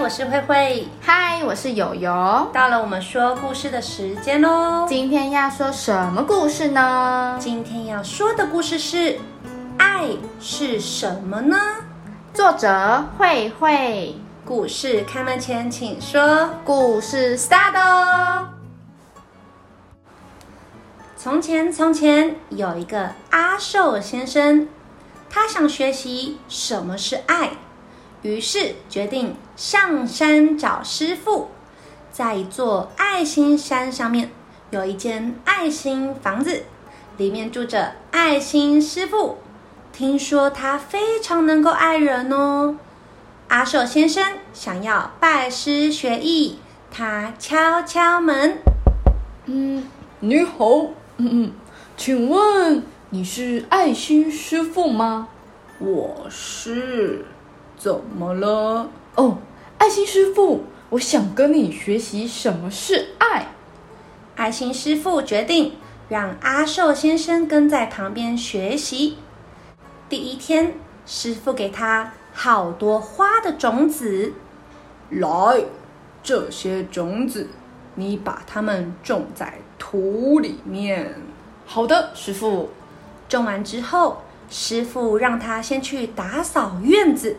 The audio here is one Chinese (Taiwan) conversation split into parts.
我是卉卉，嗨，我是有油。到了我們說故事的時間嘍，今天要說什麼故事呢？今天要說的故事是《愛是什麼呢》。作者：卉卉。故事開門前，請說故事 start 哦。從前，從前有一個阿受先生，他想學習什麼是愛。於是決定上山找師傅，在一座愛心山上面有一間愛心房子，裡面住着愛心師傅。聽說他非常能夠愛人哦。阿受先生想要拜師學藝，他敲敲門。嗯，你好，嗯嗯，請問你是愛心師傅嗎？我是。怎麼了？哦，愛心師傅，我想跟你學習什麼是愛。愛心師傅決定讓阿受先生跟在旁邊學習。第一天，師傅給他好多花的種子。來，這些種子，你把它們種在土裡面。好的，師傅。種完之後，師傅讓他先去打掃院子。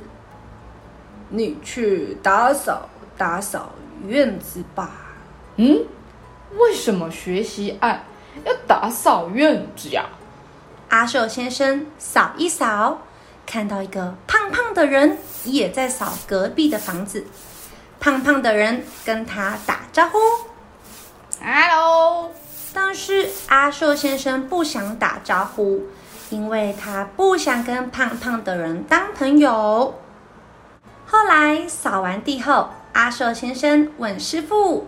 你去打掃打掃院子吧。嗯，為什麼學習愛要打掃院子呀、啊？阿受先生掃一掃，看到一個胖胖的人也在掃隔壁的房子。胖胖的人跟他打招呼：“Hello。”但是阿受先生不想打招呼，因為他不想跟胖胖的人當朋友。後來掃完地後，阿受先生問師傅：“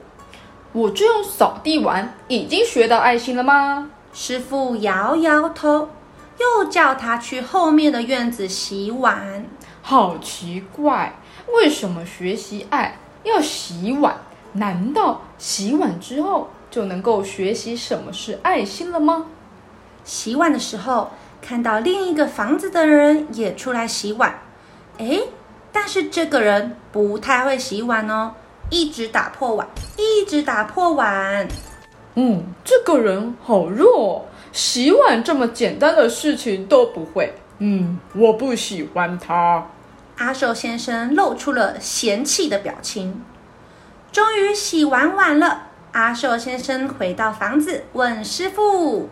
我這樣掃地完，已經學到愛心了嗎？”師傅搖搖頭，又叫他去後面的院子洗碗。好奇怪，為什麼學習愛要洗碗？難道洗碗之後就能夠學習什麼是愛心了嗎？洗碗的時候，看到另一個房子的人也出來洗碗。誒。但是這個人不太會洗碗哦，一直打破碗，一直打破碗。嗯，這個人好弱哦，洗碗這麼簡單的事情都不會。嗯，我不喜歡他。阿受先生露出了嫌棄的表情。終於洗完碗了，阿受先生回到房子問師傅：“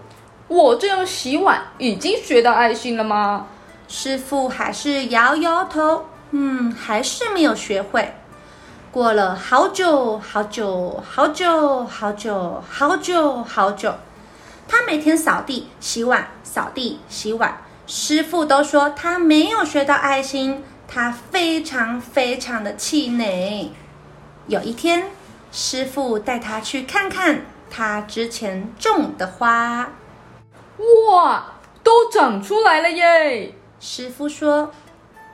我這樣洗碗已經學到愛心了嗎？”師傅還是搖搖頭。嗯，還是沒有學會。過了好久好久好久好久好久好久，他每天掃地洗碗掃地洗碗。師傅都說他沒有學到愛心，他非常非常的氣餒。有一天，師傅帶他去看看他之前種的花。哇，都長出來了耶！師傅說。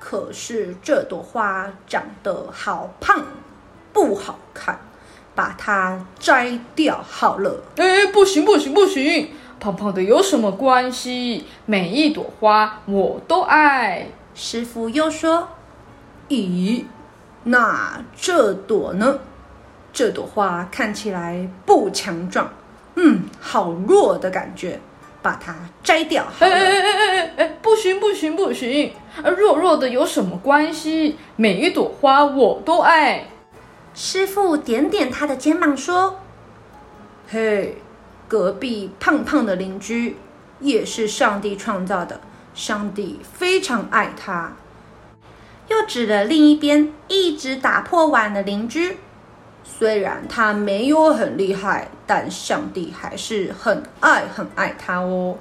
可是這朵花長得好胖，不好看，把它摘掉好了。哎、欸，不行不行不行，胖胖的有什麼關係？每一朵花我都愛。師傅又說：“咦，那這朵呢？這朵花看起來不強壯，嗯，好弱的感覺，把它摘掉好了。”哎哎哎哎哎，不行。行不行？啊，弱弱的有什麼關係？每一朵花我都愛。師傅點點他的肩膀說：“嘿，隔壁胖胖的鄰居也是上帝創造的，上帝非常愛他。”又指了另一邊一直打破碗的鄰居，雖然他沒有很厲害，但上帝還是很愛很愛他哦。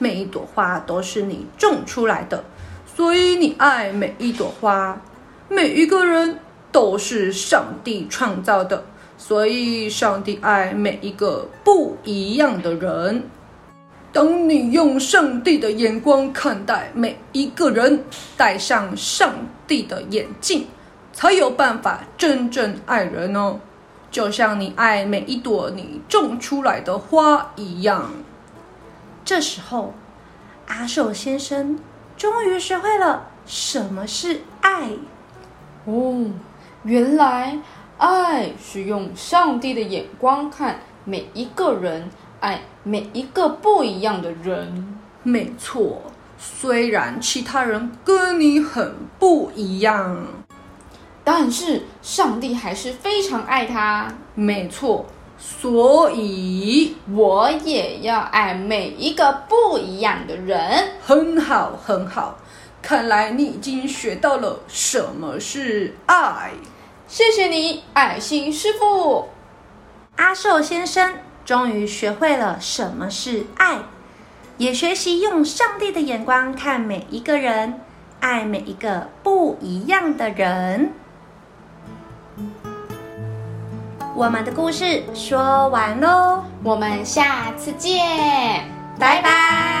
每一朵花都是你種出來的，所以你愛每一朵花。每一個人都是上帝創造的，所以上帝愛每一個不一樣的人。等你用上帝的眼光看待每一個人，戴上上帝的眼鏡，才有辦法真正愛人哦。就像你愛每一朵你種出來的花一樣。這時候，阿受先生終於學會了什麼是愛。哦，原來愛是用上帝的眼光看每一個人，愛每一個不一樣的人、嗯。沒錯，雖然其他人跟你很不一樣，但是上帝還是非常愛他。嗯、沒錯。所以，我也要愛每一個不一樣的人，很好，很好。看來你已經學到了什麼是愛，謝謝你，愛心師傅。阿受先生終於學會了什麼是愛，也學習用上帝的眼光看每一個人，愛每一個不一樣的人。我們的故事說完嘍，我們下次見，拜拜。拜拜